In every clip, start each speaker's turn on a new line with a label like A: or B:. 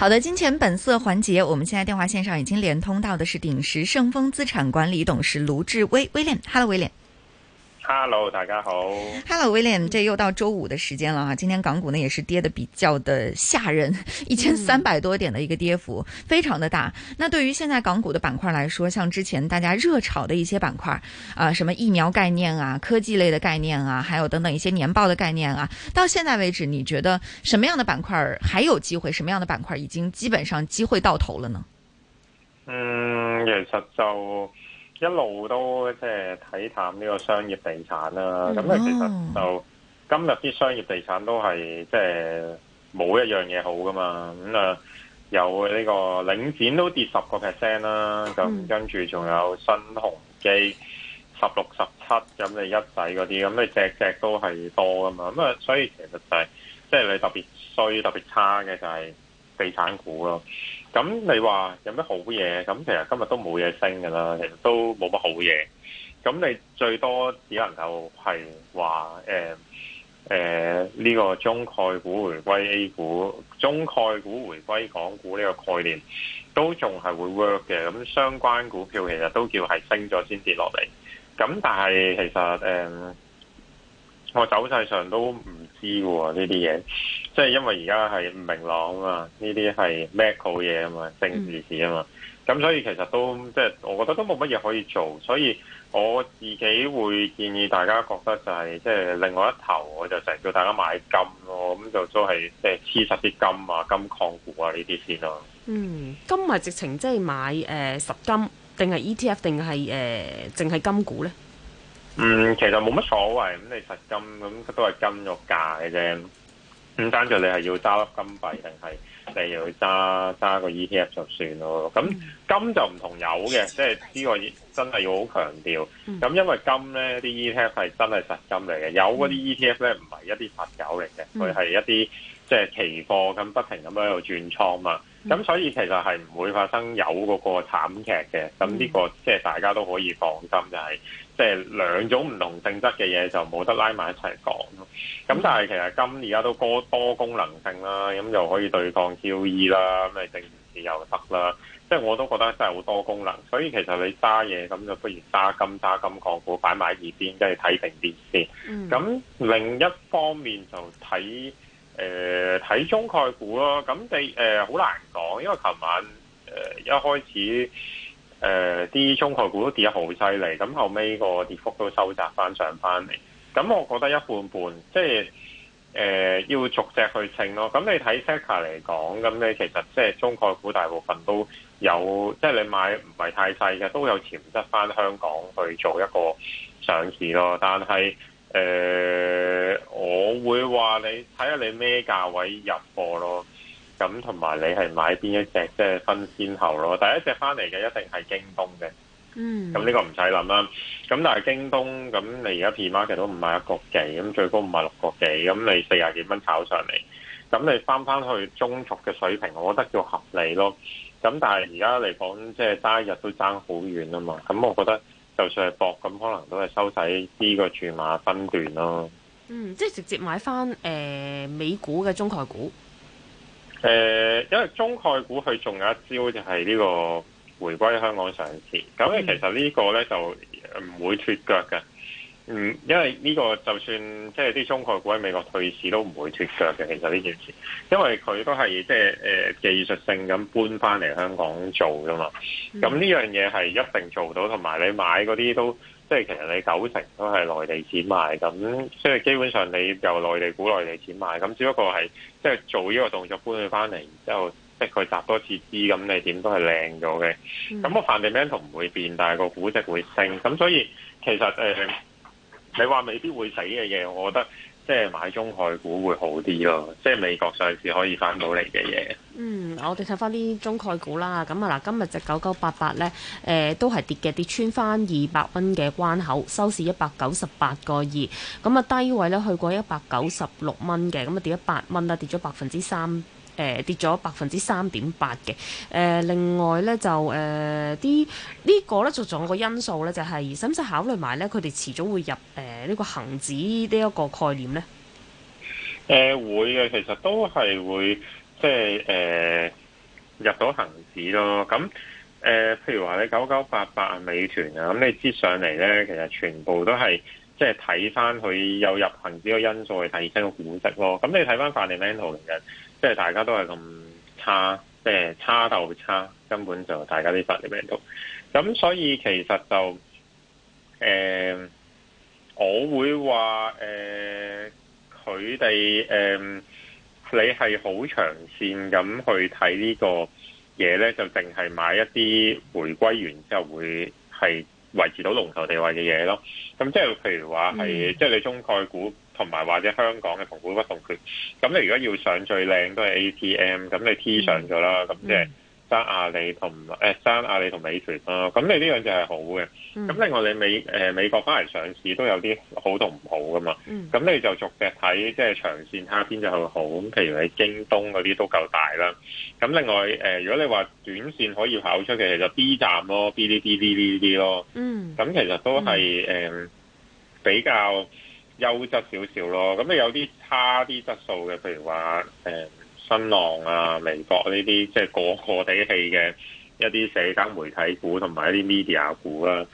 A: 好的，金錢本色環節，我們現在電話線上已經連通到的是鼎石盛豐資產管理董事盧志威，威廉。哈嘍，威廉。Hello，大家好。Hello，William，這又到周五的時間了啊。今天港股呢也是跌得比較的嚇人，一千三百多點的一個跌幅，非常的大。那對於現在港股的板塊來說，像之前大家熱炒的一些板塊啊，什麼疫苗概念啊、科技類的概念啊，還有等等一些年報的概念啊，到現在為止，你覺得什麼樣的板塊還有機會，什麼樣的板塊已經基本上機會到頭了呢？嗯，
B: 其實就。一路都即係睇淡呢個商業地產啦、啊，咁啊、mm hmm. 其實就今日啲商業地產都係即係冇一樣嘢好噶嘛，咁啊有呢個領展都跌十個 percent 啦，咁、啊、跟住仲有新鴻基十六十七咁你一仔嗰啲，咁你隻隻都係多噶嘛，咁啊所以其實就係即係你特別衰特別差嘅就係、是。地產股咯，咁你話有咩好嘢？咁其實今日都冇嘢升噶啦，其實都冇乜好嘢。咁你最多只能夠係話誒誒呢個中概股回歸 A 股，中概股回歸港股呢個概念都仲係會 work 嘅。咁相關股票其實都叫係升咗先跌落嚟。咁但係其實誒。嗯我走勢上都唔知喎、啊，呢啲嘢，即係因為而家係唔明朗啊嘛，呢啲係 macro 嘢啊嘛，政治事啊嘛，咁、嗯、所以其實都即係我覺得都冇乜嘢可以做，所以我自己會建議大家覺得就係、是、即係另外一頭，我就成日叫大家買金咯，咁就都係即係黐實啲金啊、金礦股啊呢啲先咯、啊。嗯，
C: 金咪直情即係買誒十、呃、金，定係 ETF，定係誒淨係金股咧？
B: 嗯，其實冇乜所謂，咁你實金咁都係、嗯、金肉價嘅啫。咁單淨你係要揸粒金幣，定係你係要揸揸個 ETF 就算咯。咁金就唔同油嘅，即係呢個真係要好強調。咁、嗯、因為金咧啲 ETF 係真係實金嚟嘅。嗯、有嗰啲 ETF 咧唔係一啲實油嚟嘅，佢係、嗯、一啲即係期貨咁不停咁喺度轉倉嘛。咁、嗯、所以其實係唔會發生有嗰個慘劇嘅。咁呢、這個、嗯、即係大家都可以放心就係、是。即係兩種唔同性質嘅嘢就冇得拉埋一齊講咯。咁但係其實金而家都多功能性啦，咁又可以對抗 QE 啦，咩政治又得啦。即係我都覺得真係好多功能，所以其實你揸嘢咁就不如揸金，揸金礦股擺埋一邊，即係睇定啲先。咁、嗯、另一方面就睇誒睇中概股咯。咁你誒好難講，因為琴晚誒、呃、一開始。誒啲、呃、中概股都跌得好犀利，咁後尾個跌幅都收窄翻上翻嚟。咁我覺得一半半，即係誒、呃、要逐隻去稱咯。咁你睇 sector 嚟講，咁咧其實即係中概股大部分都有，即係你買唔係太細嘅都有潛質翻香港去做一個上市咯。但係誒、呃，我會話你睇下你咩價位入貨咯。咁同埋你係買邊一隻，即係分先後咯。第一隻翻嚟嘅一定係京東嘅，嗯。咁呢個唔使諗啦。咁但係京東，咁你而家 P mark 都唔係一個幾，咁最高唔係六個幾，咁你四廿幾蚊炒上嚟，咁你翻翻去中俗嘅水平，我覺得叫合理咯。咁但係而家嚟講，即係爭一日都爭好遠啊嘛。咁我覺得就算係搏，咁可能都係收曬呢個注碼分段咯。嗯，
C: 即係直接買翻誒、呃、美股嘅中概股。
B: 誒，因為中概股佢仲有一招就係呢個回歸香港上市，咁你、嗯、其實呢個咧就唔會脫腳嘅。嗯，因為呢個就算即係啲中概股喺美國退市都唔會脫腳嘅。其實呢件事，因為佢都係即係誒技術性咁搬翻嚟香港做噶嘛。咁呢、嗯、樣嘢係一定做到，同埋你買嗰啲都。即係其實你九成都係內地錢買，咁即係基本上你由內地股內地錢買，咁只不過係即係做呢個動作搬佢返嚟，然之後即係佢集多次資，咁你點都係靚咗嘅。咁個 fundamental 唔會變，但係個估值會升。咁所以其實誒、呃，你話未必會死嘅嘢，我覺得。即係買中概股會好啲咯，即係美國上市可以翻到嚟嘅
C: 嘢。嗯，我哋睇翻啲中概股啦。咁啊嗱，今日隻九九八八咧，誒都係跌嘅，跌穿翻二百蚊嘅關口，收市一百九十八個二。咁啊低位咧去過一百九十六蚊嘅，咁啊跌咗八蚊啦，跌咗百分之三。誒、呃、跌咗百分之三點八嘅。誒、呃、另外咧就誒啲、呃這個、呢個咧就仲有個因素咧，就係使唔使考慮埋咧佢哋遲早會入誒呢、呃這個恆指呢一個概念咧？
B: 誒、呃、會嘅，其實都係會即係誒、呃、入到恆指咯。咁誒、呃、譬如話你九九八八美團啊，咁你接上嚟咧，其實全部都係即係睇翻佢有入恆指個因素去提升個股息咯。咁你睇翻泛電 mentor 即係大家都係咁差，即係差鬥差，根本就大家啲忽啲病毒，咁所以其實就誒、呃，我會話誒，佢哋誒，你係好長線咁去睇呢個嘢咧，就淨係買一啲回歸完之後會係維持到龍頭地位嘅嘢咯。咁即係譬如話係，嗯、即係你中概股。同埋或者香港嘅同股不同權，咁你如果要上最靚都係 ATM，咁你 T、嗯就嗯、上咗啦，咁即係三阿里同誒三阿里同美團啦，咁、哎啊、你呢樣就係好嘅。咁、嗯、另外你美誒、呃、美國翻嚟上市都有啲好同唔好㗎嘛，咁、嗯、你就逐隻睇，即係長線睇邊隻好好。咁譬如喺京東嗰啲都夠大啦。咁另外誒、呃，如果你話短線可以跑出嘅，其實 B 站咯，B 啲 B 啲 B 啲咯，嗯，咁其實都係誒比較。嗯嗯嗯嗯優質少少咯，咁你有啲差啲質素嘅，譬如話誒、嗯、新浪啊微博呢啲即係個個地氣嘅一啲社交媒體股同埋一啲 media 股啦、啊。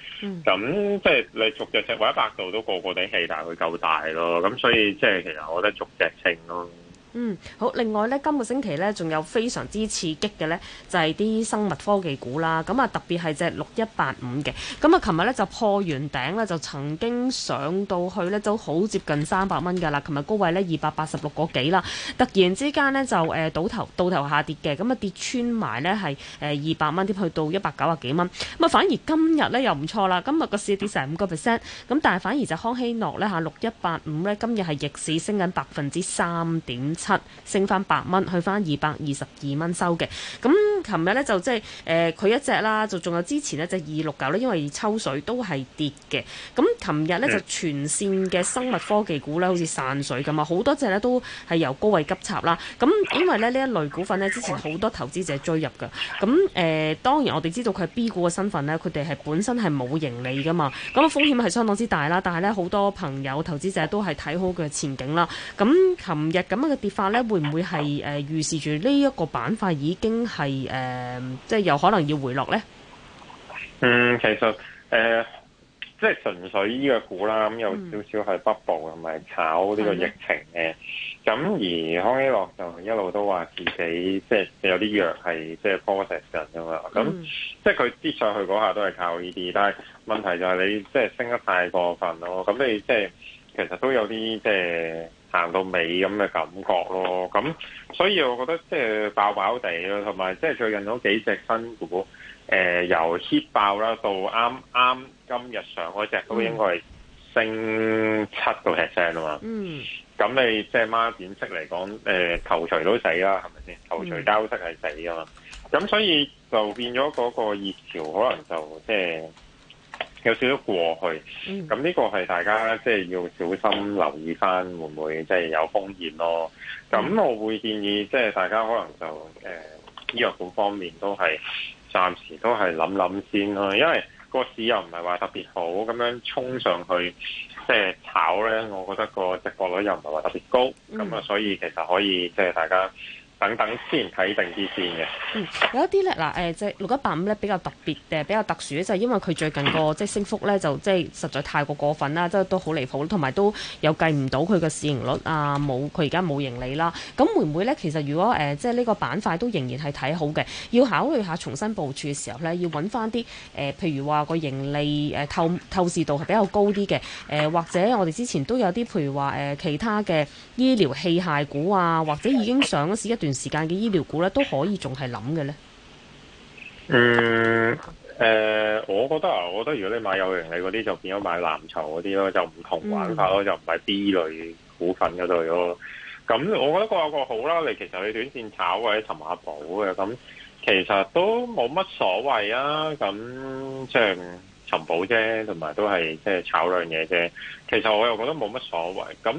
B: 咁即係你逐隻隻或者百度都個個地氣，但係佢夠大咯。咁所以即係、就是、其實我覺得逐隻稱咯。
C: 嗯，好。另外呢，今個星期呢，仲有非常之刺激嘅呢，就係、是、啲生物科技股啦。咁啊，特別係隻六一八五嘅。咁、嗯、啊，琴日呢，就破完頂呢，就曾經上到去呢，都好接近三百蚊噶啦。琴日高位呢，二百八十六個幾啦，突然之間呢，就誒、呃、倒頭倒頭下跌嘅。咁、嗯、啊跌穿埋呢，係誒二百蚊，跌去到一百九啊幾蚊。咁、嗯、啊反而今日呢，又唔錯啦。今日個市跌成五個 percent，咁但係反而就康希諾呢，下六一八五呢，今日係逆市升緊百分之三點。升翻八蚊，去翻二百二十二蚊收嘅。咁琴日呢，就即係誒佢一隻啦，就仲有之前呢隻二六九呢，因為抽水都係跌嘅。咁琴日呢，就全線嘅生物科技股呢，好似散水咁啊，好多隻呢都係由高位急插啦。咁、嗯、因為呢，呢一類股份呢，之前好多投資者追入嘅。咁、嗯、誒、呃、當然我哋知道佢係 B 股嘅身份呢，佢哋係本身係冇盈利噶嘛。咁、嗯、啊風險係相當之大啦，但係呢，好多朋友投資者都係睇好佢嘅前景啦。咁琴日咁樣嘅。法咧，會唔會係誒、呃、預示住呢一個板塊已經係誒、呃，即係有可能要回落咧？
B: 嗯，其實誒、呃，即係純粹呢個股啦，咁、嗯、有少少係 bubble，同埋炒呢個疫情嘅。咁嗎而康希諾就一路都話自己即係有啲藥，係即係 process 緊噶嘛。咁、嗯、即係佢跌上去嗰下都係靠呢啲，但係問題就係你即係升得太過分咯。咁你即係其實都有啲即係。行到尾咁嘅感覺咯，咁所以我覺得即係爆爆地咯，同埋即係最近嗰幾隻新股，誒、呃、由 hit 爆啦到啱啱今日上嗰隻都應該係升七個 percent 啊嘛，嗯，咁你即係孖展式嚟講，誒、呃、頭除都死啦，係咪先？頭除交息係死啊嘛，咁、嗯、所以就變咗嗰個熱潮可能就即係。有少少過去，咁呢個係大家即係、就是、要小心留意翻，會唔會即係、就是、有風險咯？咁我會建議即係、就是、大家可能就誒、呃、醫藥股方面都係暫時都係諗諗先咯，因為個市又唔係話特別好，咁樣衝上去即係、就是、炒咧，我覺得個折價率又唔係話特別高，咁啊，所以其實可以即係、就是、大家。等等
C: 先睇定啲先嘅。嗯，有一啲咧嗱，誒即係六一八五咧比較特別嘅，比較特殊咧，就係、因為佢最近個即係升幅咧就即係實在太過過分啦，即係都好離譜，同埋都有計唔到佢個市盈率啊，冇佢而家冇盈利啦。咁會唔會咧？其實如果誒、呃、即係呢個板塊都仍然係睇好嘅，要考慮下重新部署嘅時候咧，要揾翻啲誒譬如話個盈利誒、呃、透透視度係比較高啲嘅誒，或者我哋之前都有啲譬如話誒、呃、其他嘅醫療器械股啊，或者已經上咗市一段。段時間嘅醫療股咧都可以仲係諗嘅咧。
B: 嗯，誒、呃，我覺得啊，我覺得如果你買有盈利嗰啲就變咗買藍籌嗰啲咯，就唔同玩法咯，嗯、就唔係 B 類股份嗰度咯。咁我覺得各有各好啦。你其實你短線炒或者尋下寶嘅，咁其實都冇乜所謂啊。咁即係尋寶啫，同埋都係即係炒兩嘢啫。其實我又覺得冇乜所謂。咁。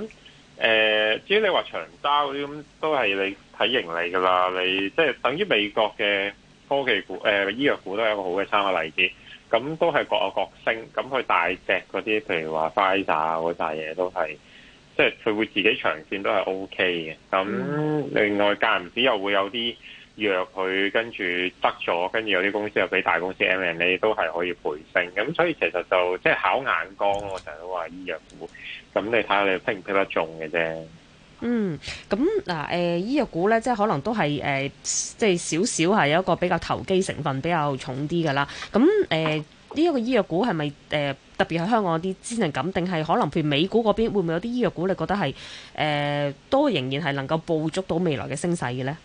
B: 誒、呃、至於你話長交嗰啲咁，都係你睇盈利㗎啦。你即係等於美國嘅科技股、誒、呃、醫藥股都係一個好嘅參考例子。咁都係各有各升。咁佢大隻嗰啲，譬如話 Pfizer 啊嗰扎嘢都係，即係佢會自己長線都係 O K 嘅。咁另外間唔時又會有啲。約佢跟住得咗，跟住有啲公司又俾大公司 M and A 都係可以培升，咁所以其實就即係考眼光咯。我成日都話醫藥股，咁你睇下你 Pick 唔 Pick 得中嘅啫。嗯，
C: 咁嗱，誒、呃，醫藥股咧，即係可能都係誒、呃，即係少少係有一個比較投機成分比較重啲噶啦。咁誒，呢、呃、一、這個醫藥股係咪誒特別喺香港啲先係感定係可能譬如美股嗰邊會唔會有啲醫藥股你覺得係誒、呃、都仍然係能夠捕捉到未來嘅升勢嘅咧？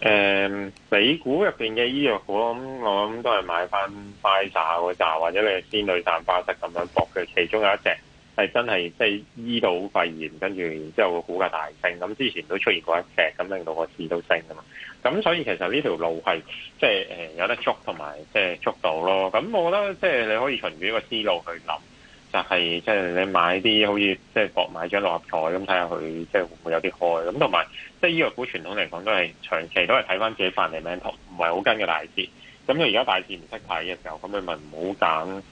B: 誒，美股入邊嘅醫藥股，咁我諗都係買翻快炸嗰扎，或者你仙女散花式咁樣搏嘅。其中有一隻係真係即係醫到肺炎，跟住然之後股價大升。咁、嗯、之前都出現過一隻，咁、嗯、令到個市都升㗎嘛。咁所以其實呢條路係即係誒有得捉，同埋即係捉到咯。咁我覺得即係、就是、你可以循住呢個思路去諗。但係即係你買啲好似即係博買張六合彩咁，睇下佢即係會唔會有啲開咁，同埋即係呢個股傳統嚟講都係長期都係睇翻自己 fundamental，唔係好跟嘅大市。咁佢而家大市唔識睇嘅時候，咁佢咪唔好揀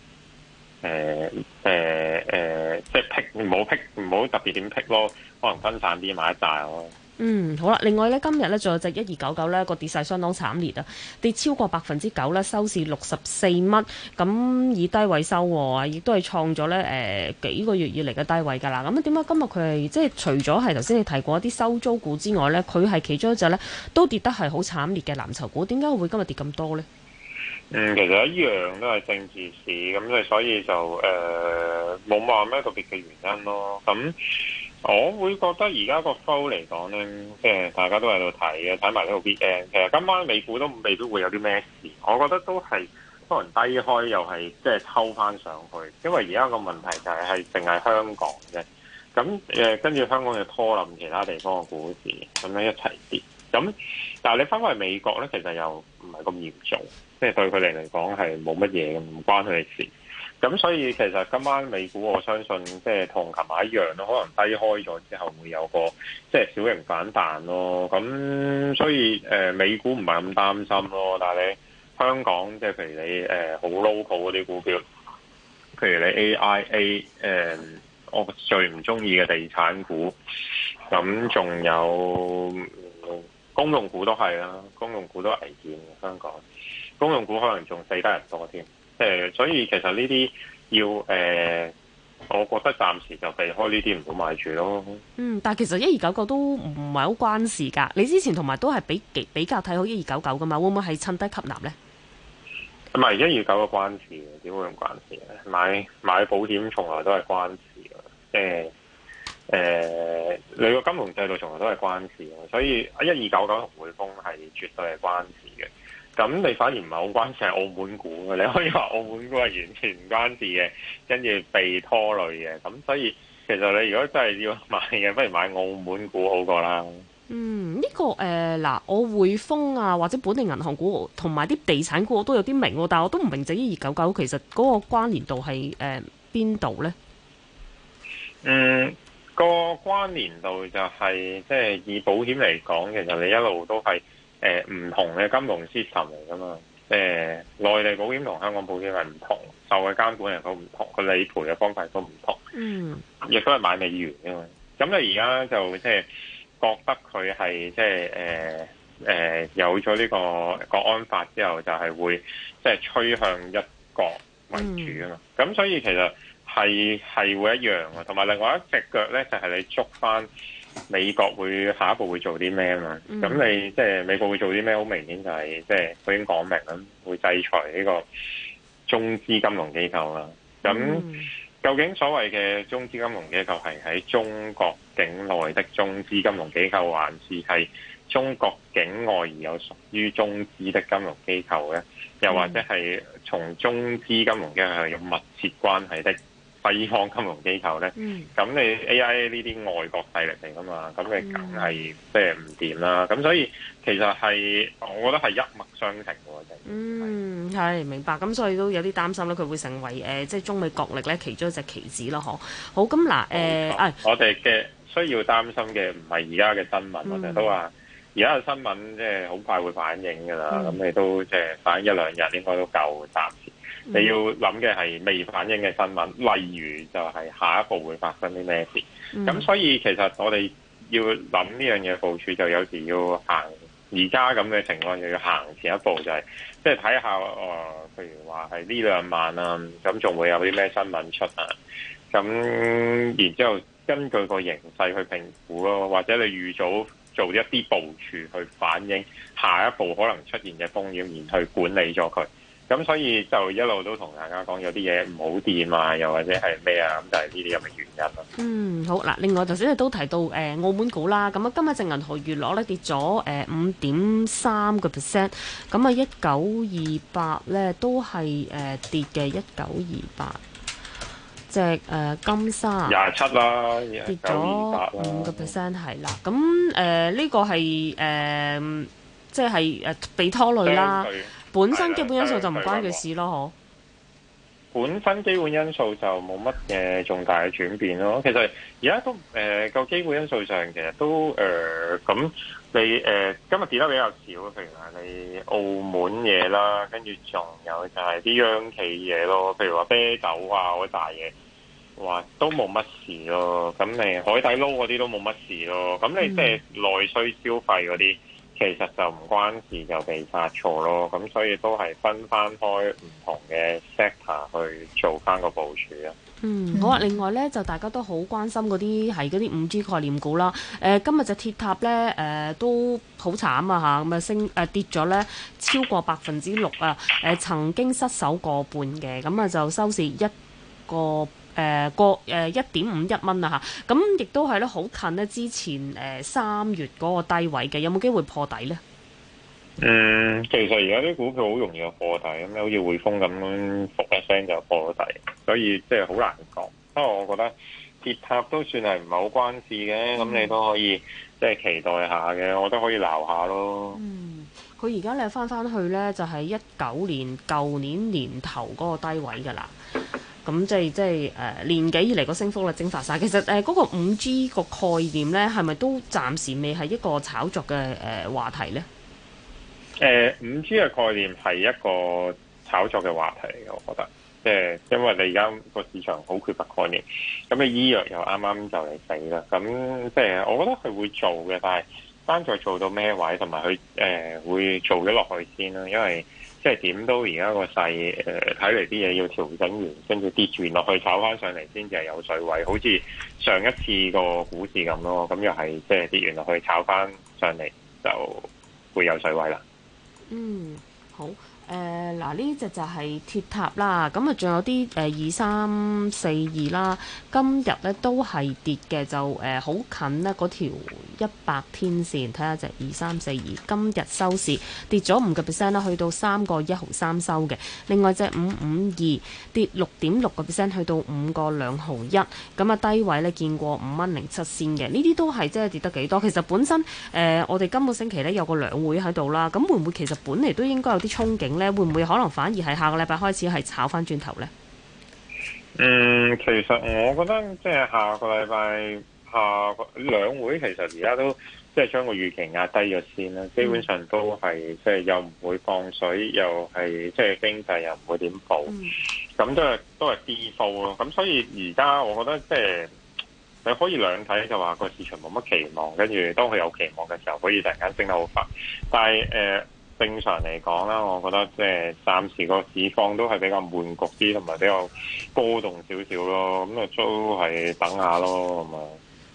B: 誒誒誒，即、呃、係、呃呃就是、pick 唔好 pick 唔好特別點 pick 咯，可能分散啲買一紮咯。
C: 嗯，好啦，另外咧，今日咧仲有隻一二九九咧，個跌勢相當慘烈啊，跌超過百分之九咧，收市六十四蚊，咁以低位收啊，亦都係創咗咧誒幾個月以嚟嘅低位噶啦。咁啊，點解今日佢係即係除咗係頭先你提過一啲收租股之外咧，佢係其中一隻咧都跌得係好慘烈嘅藍籌股。點解會今日跌咁多咧？嗯，
B: 其實一樣都係政治市，咁所以就誒冇話咩特別嘅原因咯。咁。我會覺得而家個收嚟講咧，即係大家都喺度睇嘅，睇埋呢個 B M。其實今晚美股都未必會有啲咩事，我覺得都係可能低開又係即係抽翻上去，因為而家個問題就係係淨係香港嘅。咁誒，跟、呃、住香港就拖冧其他地方嘅股市，咁樣一齊跌。咁但係你翻翻去美國咧，其實又唔係咁嚴重，即係對佢哋嚟講係冇乜嘢，唔關佢哋事。咁所以其實今晚美股我相信即係同琴晚一樣咯，可能低開咗之後會有個即係、就是、小型反彈咯。咁所以誒、呃、美股唔係咁擔心咯。但係你香港即係、就是、譬如你誒好 local 嗰啲股票，譬如你 AIA 誒、呃，我最唔中意嘅地產股，咁仲有、嗯、公用股都係啦，公用股都係危險嘅香港，公用股可能仲死得人多添。誒，所以其實呢啲要誒、呃，我覺得暫時就避開呢啲唔好買住咯。嗯，
C: 但係其實一二九九都唔係好關事噶。你之前同埋都係比比較睇好一二九九噶嘛？會唔會係趁低吸納呢？
B: 唔係一二九九關事嘅，點會咁關事呢？買買保險從來都係關事嘅，即、呃、誒，你、呃、個金融制度從來都係關事嘅，所以一二九九同匯豐係絕對係關事嘅。咁你反而唔係好關事係澳門股，你可以話澳門股係完全唔關事嘅，跟住被拖累嘅。咁所以其實你如果真係要買嘅，不如買澳門股好過啦。嗯，
C: 呢、呢個誒嗱、呃呃，我匯豐啊或者本地銀行股同埋啲地產股我都有啲明，但係我都唔明就一二九九其實嗰個關聯度係誒邊度咧？呃、
B: 呢嗯，個關聯度就係、是、即係以保險嚟講，其實你一路都係。誒唔、呃、同嘅金融市場嚟噶嘛？誒、呃、內地保險同香港保險係唔同，受嘅監管人都唔同，佢理賠嘅方法係都唔同。嗯，亦都係買美元啊嘛。咁你而家就即係覺得佢係即係誒誒有咗呢個國安法之後，就係會即係趨向一國為主啊嘛、嗯。咁所以其實係係會一樣啊。同埋另外一隻腳咧，就係、是、你捉翻。美國會下一步會做啲咩啊嘛？咁、嗯、你即係、就是、美國會做啲咩？好明顯就係即係佢已經講明啦，會制裁呢個中資金融機構啦。咁、嗯、究竟所謂嘅中資金融機構係喺中國境內的中資金融機構，還是係中國境外而有屬於中資的金融機構呢？又或者係從中資金融機構係有密切關係的？西方金融機構咧，咁、嗯、你 A.I. 呢啲外國勢力嚟噶嘛，咁你梗係即係唔掂啦。咁、嗯、所以其實係，我覺得係一脈相承嘅。嗯，
C: 係是明白。咁所以都有啲擔心咧，佢會成為誒、呃、即係中美角力咧，其中一隻棋子咯，嗬。好咁嗱，誒，呃錯哎、我
B: 哋嘅需要擔心嘅唔係而家嘅新聞，我哋都話而家嘅新聞即係好快會反映㗎啦。咁你都即係反映一兩日應該都夠暫時。Mm hmm. 你要諗嘅係未反映嘅新聞，例如就係下一步會發生啲咩事。咁、mm hmm. 所以其實我哋要諗呢樣嘢部署，就有時要行而家咁嘅情況，又要行前一步就係就係一，就係即係睇下誒，譬如話係呢兩晚啊，咁仲會有啲咩新聞出啊？咁然之後根據個形勢去評估咯，或者你預早做一啲部署去反映下一步可能出現嘅風險，而去管理咗佢。咁所以就一路都同大家講有啲嘢唔好掂啊，又或者係咩啊，咁就係呢啲咁嘅原因咯。
C: 嗯，好啦，另外頭先你都提到誒、呃、澳門股啦，咁啊今日隻銀河娛樂咧跌咗誒五點三個 percent，咁啊一九二八咧都係誒、呃、跌嘅一九二八隻誒金沙廿七啦，
B: 跌咗五個
C: percent 係啦，咁誒呢個係誒、呃、即係誒被拖累啦。對。本身基本因素就唔關佢事咯，嗬、嗯
B: 嗯。本身基本因素就冇乜誒重大嘅轉變咯。其實而家都誒，個、呃、基本因素上其實都誒咁、呃，你誒、呃、今日跌得比較少。譬如話你澳門嘢啦，跟住仲有就係啲央企嘢咯。譬如話啤酒啊嗰啲大嘢，話都冇乜事咯。咁你海底撈嗰啲都冇乜事咯。咁你即係內需消費嗰啲。其實就唔關事，就被發錯咯，咁所以都係分翻開唔同嘅 sector 去做翻個部署啊。
C: 嗯，好啊。另外呢，就大家都好關心嗰啲係嗰啲五 G 概念股啦。誒、呃，今日隻鐵塔呢誒、呃、都好慘啊嚇，咁啊升誒、呃、跌咗呢超過百分之六啊，誒、呃、曾經失守過半嘅，咁啊就收市一個，誒個誒一點五一蚊啊，嚇、嗯，咁亦都係咧好近咧之前誒三、呃、月嗰個低位嘅，有冇機會破底呢？嗯，
B: 其實而家啲股票好容易破底，咁樣好似匯豐咁樣，撲一聲就破咗底，所以即係好難講。不過我覺得鐵塔都算係唔係好關事嘅，咁、嗯、你都可以即係、就是、期待下嘅，我都可以鬧下咯。嗯，
C: 佢而家你翻翻去呢，就係一九年舊年年頭嗰個低位㗎啦。咁即係即係誒年幾以嚟個升幅咧蒸發晒。其實誒嗰、呃那個五 G 個概念咧，係咪都暫時未係一個炒作嘅誒、呃、話題咧？
B: 誒五、呃、G 嘅概念係一個炒作嘅話題嚟嘅，我覺得，即、呃、係因為你而家個市場好缺乏概念，咁你醫藥又啱啱就嚟死啦，咁即係我覺得佢會做嘅，但係單再做到咩位，同埋佢誒會做咗落去先啦，因為。.即係點都而家個勢，誒、呃，睇嚟，啲嘢要調整完，跟住跌轉落去炒翻上嚟，先至係有水位。好似上一次個股市咁咯，咁又係即係跌完落去炒翻上嚟，就會有水位啦。
C: 嗯，好。誒嗱，呢隻、呃這個、就係鐵塔啦，咁、嗯、啊，仲有啲誒二三四二啦，今日呢都係跌嘅，就誒好、呃、近呢嗰條一百天線，睇下隻二三四二今日收市跌咗五個 percent 啦，去到三個一毫三收嘅。另外隻五五二跌六點六個 percent，去到五個兩毫一，咁啊低位呢，見過五蚊零七仙嘅。呢啲都係即係跌得幾多？其實本身誒、呃，我哋今個星期呢，有個兩會喺度啦，咁會唔會其實本嚟都應該有啲憧憬？咧會唔會可能反而係下個禮拜開始係炒翻轉頭咧？
B: 嗯，其實我覺得即係下個禮拜下個兩會其實而家都即係將個預期壓低咗先啦。嗯、基本上都係即係又唔會放水，又係即係經濟又唔會點補，咁、嗯、都係都係跌數咯。咁所以而家我覺得即係你可以兩睇，就話個市場冇乜期望，跟住當佢有期望嘅時候，可以突然間升得好快。但係誒。呃正常嚟講啦，我覺得即係暫時個市況都係比較悶局啲，同埋比較波動少少咯。咁啊，都係等下咯，咁啊。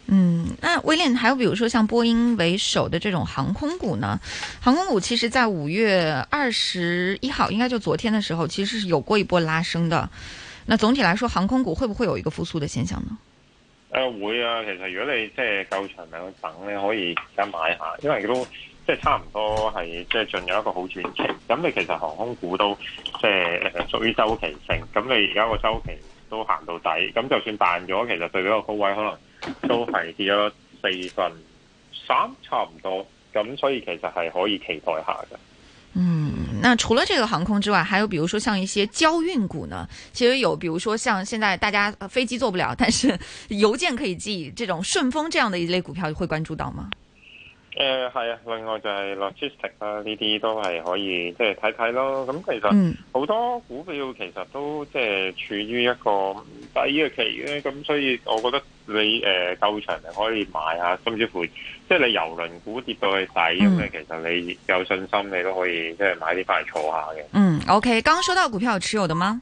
B: 嗯，嗯
A: 那威廉，William，還有比如說像波音為首的這種航空股呢？航空股其實在五月二十一號，應該就昨天嘅時候，其實是有過一波拉升的。那總體來說，航空股會不會有一個復蘇的現象呢？
B: 誒、呃、會啊，其實如果你即係夠長命去等咧，可以而家買下，因為都。即係差唔多係，即係進入一個好轉期。咁你其實航空股都即係屬於周期性。咁你而家個周期都行到底，咁就算彈咗，其實對嗰個高位可能都係跌咗四分三差唔多。咁所以其實係可以期待下
A: 嘅。嗯，那除了這個航空之外，還有比如說像一些交運股呢？其實有，比如說像現在大家飛機坐不了，但是郵件可以寄，這種順豐這樣的一類股票會關注到嗎？
B: 誒，係、呃、啊，另外就係 logistic 啦，呢啲都係可以即係睇睇咯。咁其實好多股票其實都即係處於一個低嘅期咧，咁、嗯、所以我覺得你誒夠、呃、長就可以買下，甚至乎即係你郵輪股跌到去底咁，嗯、其實你有信心你都可以即係買啲翻嚟坐下嘅。
A: 嗯，OK，剛說到股票有持有的嗎？